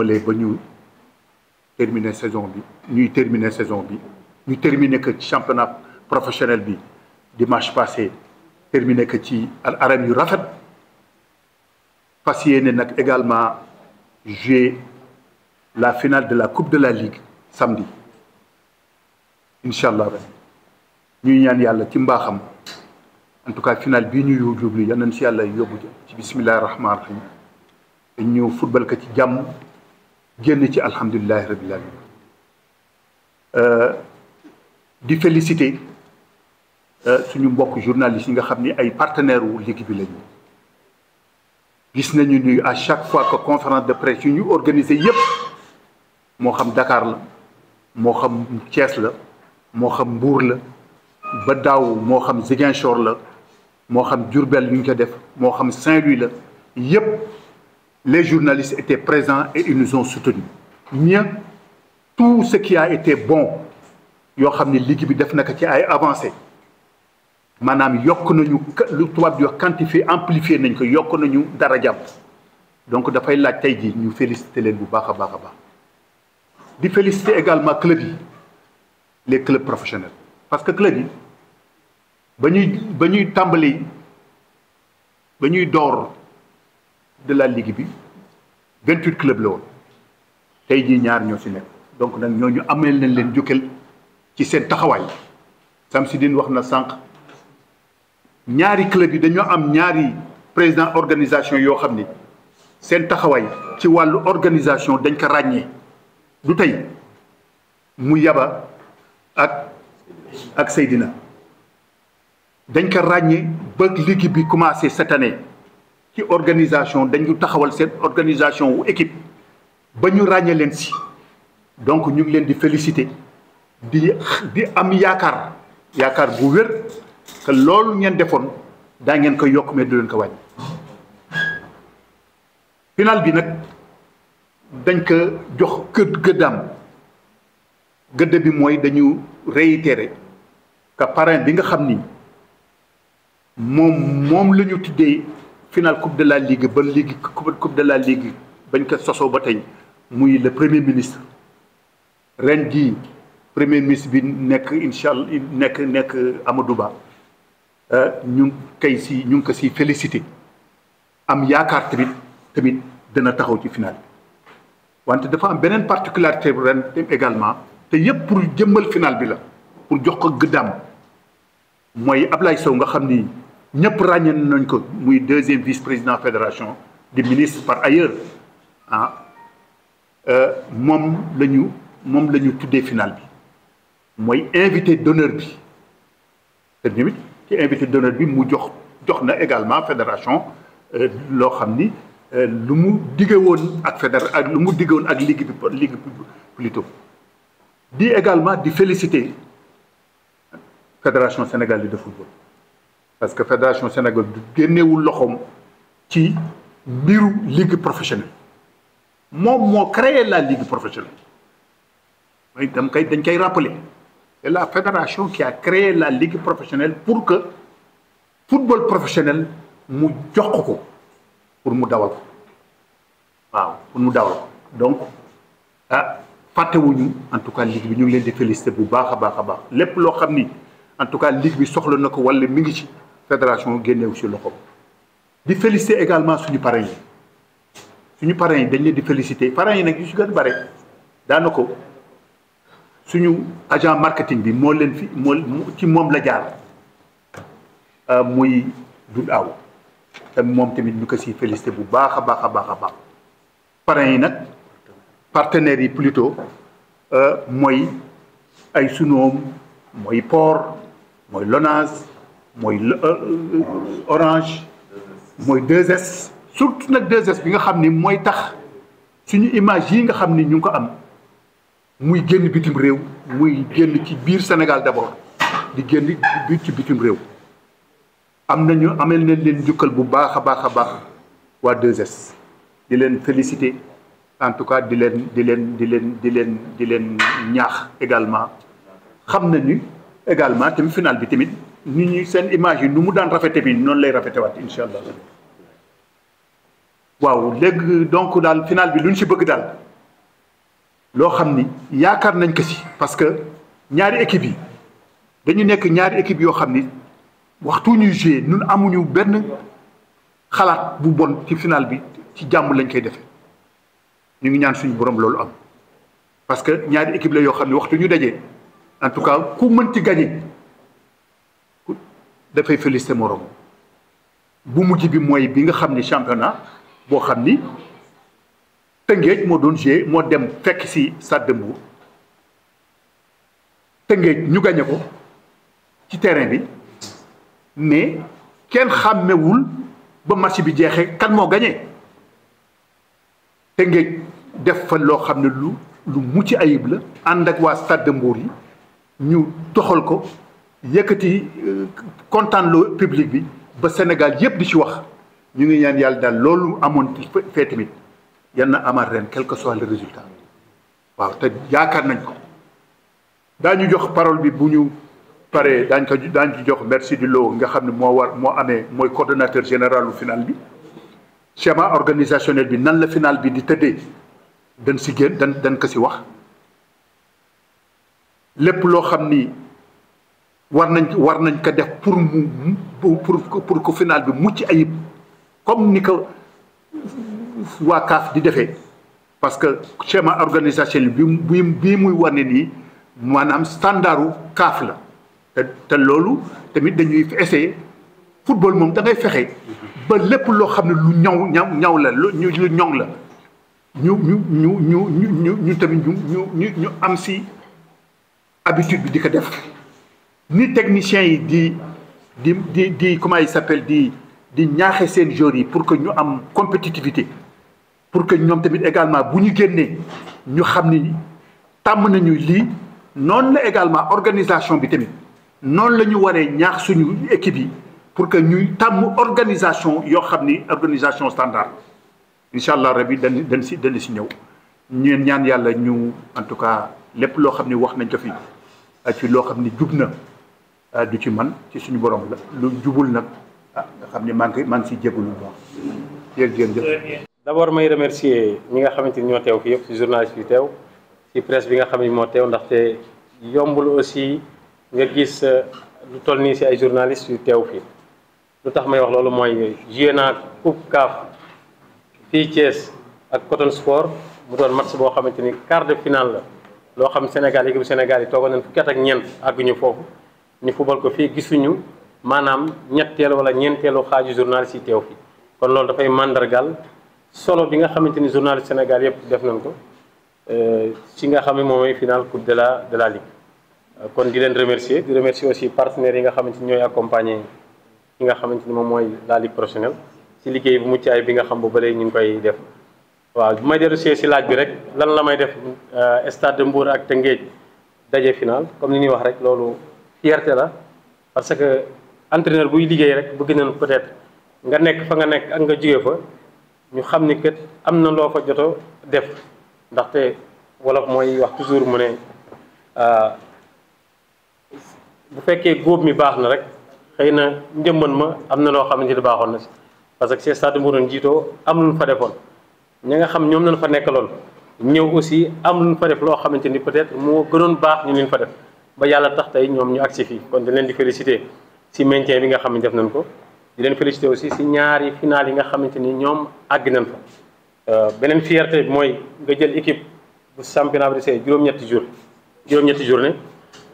jëmalee ba ñu terminer saison bi ñuy terminer saison bi ñu terminer que championnat professionnel bi dimanche passé terminer que ci al anam yu rafet fas yéene nag également jouer la finale de la coupe de la ligue samedi incha allah ñuy ñaan yàlla ci mbaaxam en tout cas final bii ñu jublu yal nañ si yàlla yóbbu ci bisimilah rahmaani rahiim ñu football ko ci jàmm. génn ci alhamdulilahi rabbil alamin euh, di féliciter euh, suñu mbokk journalistes yi nga xam ni ay partenaires wu ligue bi lañu gis nañu ni à chaque fois que conférence de presse yu ñu organisé yépp moo xam Dakar la moo xam Thiès la moo xam mbuur la ba moo xam Ziguinchor la moo xam Diourbel ñu ko def moo xam Saint-Louis la yépp les journalistes étaient présent et ils nous ont soutenus. Mieux, tout ce bon yoo xam ne liggéey bi def na ko ci ay avancé maanaam yokk nañu lu tubaab di wax quantifier amplifier nañ ko yokk nañu dara jàpp donc dafay laaj tey jii ñu féliciter leen bu baax a baax a baax di féliciter également club yi les clubs professionnels parce que club yi ba ñuy ba ñuy tàmbali ba ñuy door. de la ligue bi vingt huit club la woon tey jii ñaar ñoo si nekk donc nag ñooñu ameel nañ leen jukkal ci seen taxawaay Samsidine wax na sànq ñaari club yi dañoo am ñaari président organisation yoo xam ne seen taxawaay ci wàllu organisation dañ ko ràññee du tey mu yaba ak ak Seydina dañ ko ràññee ba ligue bi commencé cette année ci organisation dañu taxawal seen organisation wu équipe ba ñu ràññee leen si donc ñu ngi leen di félicité di di am yaakaar yaakaar bu wér que loolu ngeen defoon daa ngeen koy yokk mee du leen ko wàññi. final bi nag dañ ko jox gë gëddaam gëdd bi mooy dañu réitérer que parrain bi nga xam ni moom moom la ñu tuddee. final coupe de la ligue ba ligue coupe de la ligue bañ ko sosoo ba tey muy le premier ministre ren ji premier ministre bi nekk incha allah nekk nekk Amadou Ba euh, ñu ngi si ñu ngi ko si félicité am yaakaar tamit tamit dana taxaw ci final bi wante dafa am beneen particularité ren également te yëpp pour jëmmal final bi la pour jox ko gëddaam mooy Ablaye Sow nga xam ni. ñëpp ràññee nañ ko muy deuxième vice président fédération di ministre par ailleurs ah euh, moom lañu moom la ñu tuddee final bi mooy invité d'honneur bi te ci invité d'honneur bi mu jox jox na également fédération euh, loo xam ni euh, lu mu digge woon ak fédér ak lu mu digge woon ak ligue bi ligue bi di également di féliciter fédération sénégalaise de football parce que fédération Sénégal du génnewul loxoom ci biiru ligue professionnelle moom moo créer la ligue professionnelle mooy dam kay dañ koy rappeler c'est la fédération qui a créé la ligue professionnelle pour que football professionnel mu jox ko pour mu dawal ko waaw pour mu dawal ko donc ah fàttewuñu en tout cas ligue bi ñu ngi leen di féliciter bu baax a baax a baax lépp loo xam ni en tout cas ligue bi soxla na ko walla mi ngi ci fédération génneewu si loxo di féliciter également suñu parrain yi suñu parrain yi dañ leen di félicité parrain yi nag yu si gën bare daana ko suñu agent marketing bi moo leen fi ci moom la jaar euh, muy dul aw moom tamit ñu ko si féliciter bu baax a baax a baax a baax parrain yi nag partenaires yi plutôt euh, mooy ay sunoom mooy port mooy LONASE mooy euh, euh, orange mooy 2S surtout nag 2 bi nga xam ni mooy tax suñu image yi nga xam ni ñu ngi ko am muy génn bitim réew muy génn ci biir Sénégal d'abord di génn biir ci bitim réew am nañu amel nañ leen jukkal bu baax a baax a baax waa 2S di leen féliciter en tout cas di leen di leen di leen di leen di leen ñaax également xam nañu également tamit final bi tamit nit ñi seen image yi nu mu daan rafete bi noonu lay rafetewaat incha allah waaw léegi donc daal final bi lu ñu si bëgg daal loo xam ni yaakaar nañ ko si parce que ñaari équipe yi dañu nekk ñaari équipe yoo xam ni waxtu ñu joué ñun amuñu benn xalaat bu bon ci final bi ci jàmm lañ koy defee ñu ngi ñaan suñu borom loolu am parce que ñaari équipe la yoo xam ne waxtu ñu dajee en tout cas ku mën ci gagné. dafay félicité moroom bu mujj bi mooy bi nga xam ni championnat boo xam ni Tëngéej moo doon joué moo dem fekk si Stade de Tëngéej ñu gañe ko ci terrain bi mais kenn xàmmewul ba match bi jeexee kan moo gañee Tëngéej def fa loo xam ne lu lu mucc ayib la ànd ak waa Stade de yi ñu toxal ko yëkkati euh, kontaan loo public bi ba Sénégal yëpp di ci wax ñu ngi ñaan yàlla daal loolu amoon ci fee tamit yan na amaat ren quel soit le résultat waaw te yaakaar nañ ko daa ñu jox parole bi bu ñu paree daañ ko daañ ci jox merci du loo nga xam ne moo war moo amee mooy coordonnateur général u final bi schéma organisationnel bi nan la final bi di tëddee dañ si génn dañ dañ ko si wax lépp loo xam ni war nañ war nañ ko def pour mu pour pour que final bi mucc ayib comme ni ko waa CAF di defee parce que schéma organisation bi bi bii muy wane nii maanaam standardu CAF la te te loolu tamit dañuy essayer football moom da ngay fexe ba lépp loo xam ne lu ñaw ñaw ñaw la lu ñu ñoŋ la ñu ñu ñu ñu ñu ñu tamit ñu ñu ñu am si habitude bi di ko def ni techniciens yi di di di di comment il s'appelle di ñaaxe seen joueurs yi pour que ñu am compétitivité pour que ñoom tamit également bu ñu génnee ñu xam ni tàmm nañu lii noonu la également organisation bi tamit noonu la ñu waree ñaax suñu équipe yi pour que ñuy tàmm organisation yoo xam ni organisation standard incha allah rabi dañ dañ si dañ si ñëw ñeen ñaan yàlla ñu en tout cas lépp loo xam ni wax nañ ko fi ci loo xam ni jub na Euh, du ci man ci suñu borom la lu jubul nag ah, nga xam ne maa ngi maa ngi siy jégalu bu baax jërëjëf. may remercier ñi nga xamante ni ñoo teew fii yëpp ci journaliste yi teew ci presse bi nga xam ne moo teew ndaxte yombul aussi nga gis euh, lu toll nii ci ay journaliste yu teew fii lu tax may wax loolu mooy joué naa coupe CAF fii Thiès ak Coton Sport mu doon match boo xamante ni quart de finale la loo xam Sénégal équipe Sénégal yi toogoon nañ fukki at ak ñeent àgguñu foofu. ñu fubal ko fii gisuñu maanaam ñetteelu wala ñeenteelu xaaju journaliste yi teew fi kon loolu dafay màndargal solo bi nga xamante ni journaliste Sénégal yëpp def nañ ko euh, ci nga xam ne moom mooy final coupe de la de la ligue. Euh, kon di leen remercier di remercier aussi partenaires yi nga xamante ni ñooy accompagner ki nga xamante ni moom mooy la ligue professionnelle ci liggéey bu mucc ayib bi nga xam bu bële ñu ngi koy def. waaw bu may dellu see si laaj bi rek lan la may def euh, stade de Mbour ak Tëngéej daje final comme ni ñuy wax rek loolu. fierté la parce que entraîneur buy liggéey rek bëgg nañu peut-être nga nekk fa nga nekk ak nga jóge fa ñu xam ni kat am na loo fa joto def ndaxte wolof mooy wax toujours mu ne euh, bu fekkee góob mi baax na rek xëy na njëmban ma am na loo xamante ni baaxoon na si parce que c'est stade bu doon jiitoo am lu ñu fa defoon ñi nga xam ñoom lañ fa nekkaloon ñëw aussi am lu ñu fa def loo xamante ni peut-être moo gënoon baax ñu leen fa def ba yàlla tax tey ñoom ñu agsi fii kon di leen di félicité si maintien bi nga xam ne def nañ ko di leen félicité aussi si ñaari finaal yi nga xamante ni ñoom àgg nañ fa euh, beneen fierté mooy nga jël équipe bu championnat bi see juróom-ñetti jour juróom-ñetti journée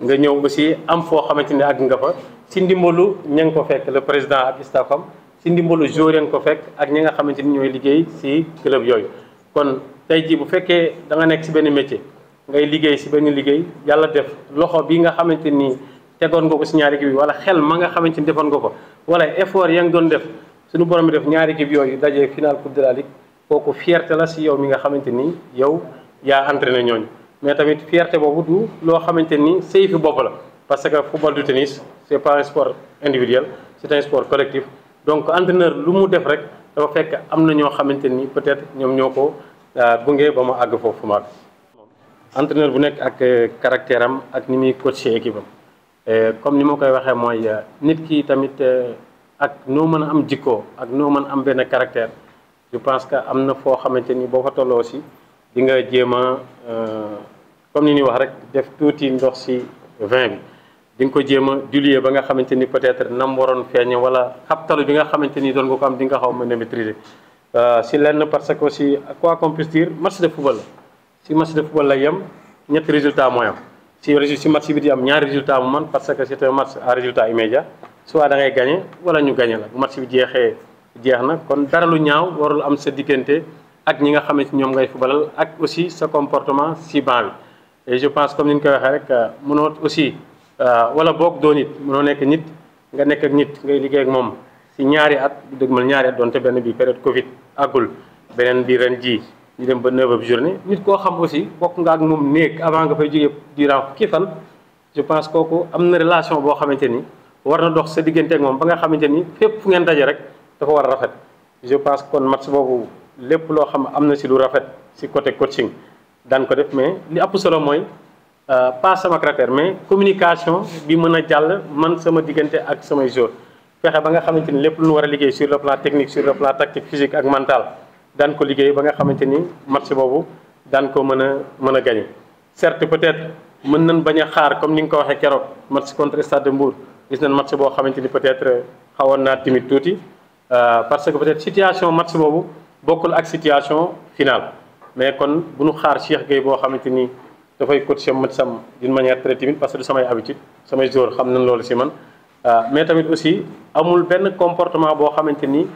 nga ñëw si am foo xamante ni àgg nga fa si ndimbalu ña ko fekk le président ak staffam si ndimbalu joueur nga ko fekk ak ñi nga xamante ni ñooy liggéey si club yooyu kon tey jii bu fekkee da nekk si benn métier ngay liggéey si benn liggéey yàlla def loxo bi nga xamante ni tegoon nga ko si ñaari équipe yi wala xel ma nga xamante ni defoon nga ko wala effort yaa nga doon def suñu borom bi def ñaari équipe yooyu dajee final coupe de la ligue kooku fierté la si yow mi nga xamante ni yow yaa entraîné ñooñu mais tamit fierté boobu du loo xamante ni sëy fi bopp la parce que football du tennis c'est pas un sport individuel c'est un sport collectif donc entraîneur lu mu def rek dafa fekk am na ñoo xamante ni peut-être ñoom ñoo ko euh, gunge ba mu àgg foofu maag entraîneur bu nekk ak euh, caractère am ak ni muy coacher équipe am euh, comme ni ma koy waxee mooy euh, nit ki tamit ak noo mën a am jikko ak noo mën a am benn caractère je pense que am na foo xamante ni boo fa tolloo si di nga jéem a comme ni ñuy wax rek def tuuti ndox si vin bi di nga ko jéem a diluer ba nga xamante ni peut-être nam waroon feeñe wala xabtalu bi nga xamante ni doon nga ko am di nga xaw mën a maîtriser si lenn parce que aussi quoi qu'on puisse match de football si match de football lay yem ñetti résultat mooy am ci résultat si match bi di am ñaari résultat mu man parce que c'est un match à résultat immédiat soit da ngay gagné wala ñu gagné la bu match bi jeexee jeex na kon dara lu ñaaw lu am sa diggante ak ñi nga xam ne si ñoom ngay footballal ak aussi sa comportement si banc bi je pense comme ni nga koy waxee rek euh, mënoo aussi euh, wala boog doon it mënoo nekk nit nga nekk nit ngay liggéey ak moom si ñaari at bu dëgmal ñaari benn bi période Covid àggul beneen bi ren jii ñu dem ba 9 heures nit koo xam aussi bokk nga ak moom néeg avant nga fay jógee durant fukki fan je pense kooku am na relation boo xamante ni war na dox sa diggante ak moom ba nga xamante ni fépp fu ngeen daje rek dafa war a rafet je pense kon match boobu lépp loo xam am na si lu rafet si côté coaching daan ko def mais li ëpp solo mooy euh, pas sama cratère mais communication bi mën a jàll man sama diggante ak samay joueurs fexe ba nga xamante ni lépp lu ñu war a liggéey ak mental daan ko liggéey ba nga xamante ni match boobu daan ko mën a mën a gagné. certes peut-être mën nañ bañ a xaar comme ni nga ko waxee keroog match contre Stade de Mbour gis nañ match boo xamante ni peut-être xawoon naa timide tuuti euh, parce que peut-être situation match boobu bokkul ak situation finale. mais kon bu nu xaar Cheikh Gueye boo xamante ni dafay coacher match sam d'une manière très timide parce que du samay habitude samay joueurs xam nañ loolu si man euh, mais tamit benn comportement boo xamante ni.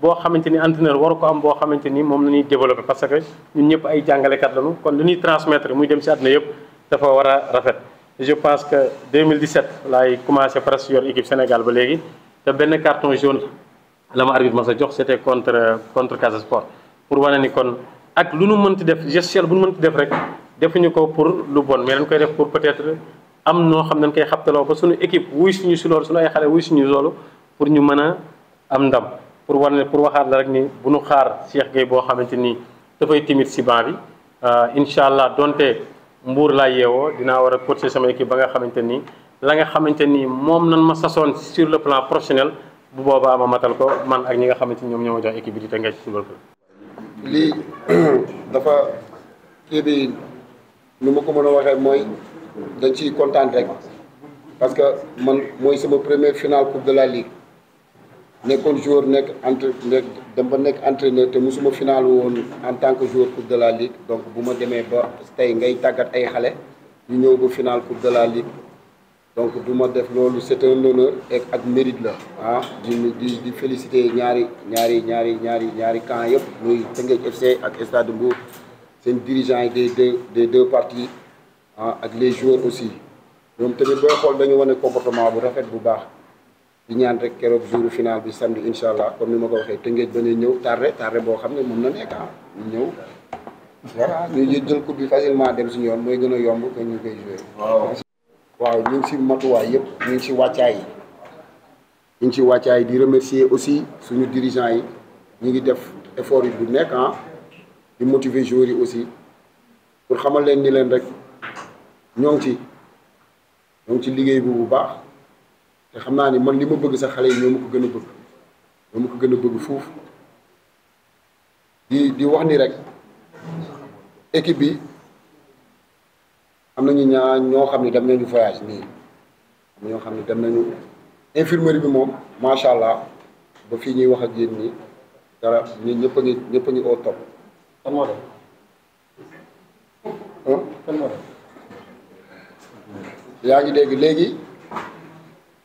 boo xamante ni entraîneur waru ko am boo xamante ni moom la ñuy développé parce que ñun ñëpp ay jàngalekat lañu kon li ñuy transmettre muy dem si àdduna yëpp dafa war a rafet. je pense que deux mille 2017 laay commencé presque yor équipe Sénégal ba léegi te benn carton jaune la ma arbitre sa jox c' était contre contre Casa Sport pour wane ni kon ak lu nu mënti def gestuelle bu nu mënti def rek defuñu ko pour lu bon mais dañ koy def pour peut être am noo xam dañ koy xabtaloo ba suñu équipe wuy suñu si loolu suñu ay xale wuy suñu loolu pour ñu mën a am ndam. pour wan pour waxaat la rek nii bu nu xaar Cheikh Gueye boo xamante ni dafay timide si banc bi euh, incha allah donte mbuur laa yeewoo dinaa war a coacher sama équipe ba nga xamante nii la nga xamante ni moom nan ma sasoon sur le plan professionnel bu boobaa ma matal ko man ak ñi nga xamante ni ñoom ñoo ma jox équipe bi di tënkee ci football club. lii dafa kii bi ma ko mën a waxee mooy dañ ciy kontaan rek parce que man mooy sama première finale coupe de la ligue. nekkoon joueur nekk entre nekk dem ba nekk entraîneur te musuma final woon en tant que joueur coupe de la ligue donc bu ma demee ba tey ngay tàggat ay xale ñu ñëw ba final coupe de la ligue donc du ma def loolu c'est un honneur ak mérite la ah di di di féliciter ñaari ñaari ñaari ñaari ñaari camp yëpp muy Teungueth FC ak Stade Mbour seen dirigeants yi des deux des deux parties ah ak les joueurs aussi ñoom tamit booy xool dañu wane comportement bu rafet bu baax. di ñaan rek keroog jour final bi samedi incha allah comme ni ma ko waxee tëngeej ba ñu ñëw tare tare boo xam ne mën na nekk ah ñu ñëw. voilà ñu jël coupe bi facilement dem suñu yoon mooy gën a yomb que ñu koy joué. waaw waaw ñu ngi si matuwaay yëpp ñu ngi si wàccaay yi ñu ngi si wàccaay di remercier aussi suñu dirigeants yi ñu ngi def effort yi bu nekk ah di motiver joueurs yi aussi pour xamal leen ni leen rek ñoo ci ñoo ngi ci liggéey bi bu baax. te xam naa ni man li ma bëgg sa xale yi ñoo ma ko gën a bëgg ñoo ma ko gën a bëgg foofu di di wax nii rek équipe bi am nañu ñaa ñoo xam ne dem nañu voyage nii ñoo xam ne dem nañu infirmerie bi moom macha allah ba fii ñuy wax ak yéen ñi dara ñu ñëpp a ngi ñëpp a ngi au yaa ngi dégg léegi.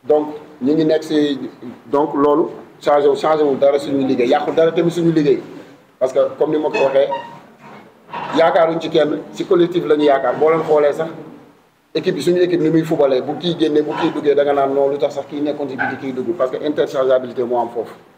donc ñu ngi nekk si donc loolu changé wu changé wu dara suñu liggéey yàqul dara tamit suñu liggéey parce que comme ni ma ko waxee yaakaaruñ ci kenn si collectif la ñu yaakaar boo leen xoolee sax équipe bi suñu équipe ni muy fubalee bu kii génnee bu kii duggee da naan noonu lu tax sax kii nekkoon si biti kii dugg parce que interchangeabilité moo am foofu.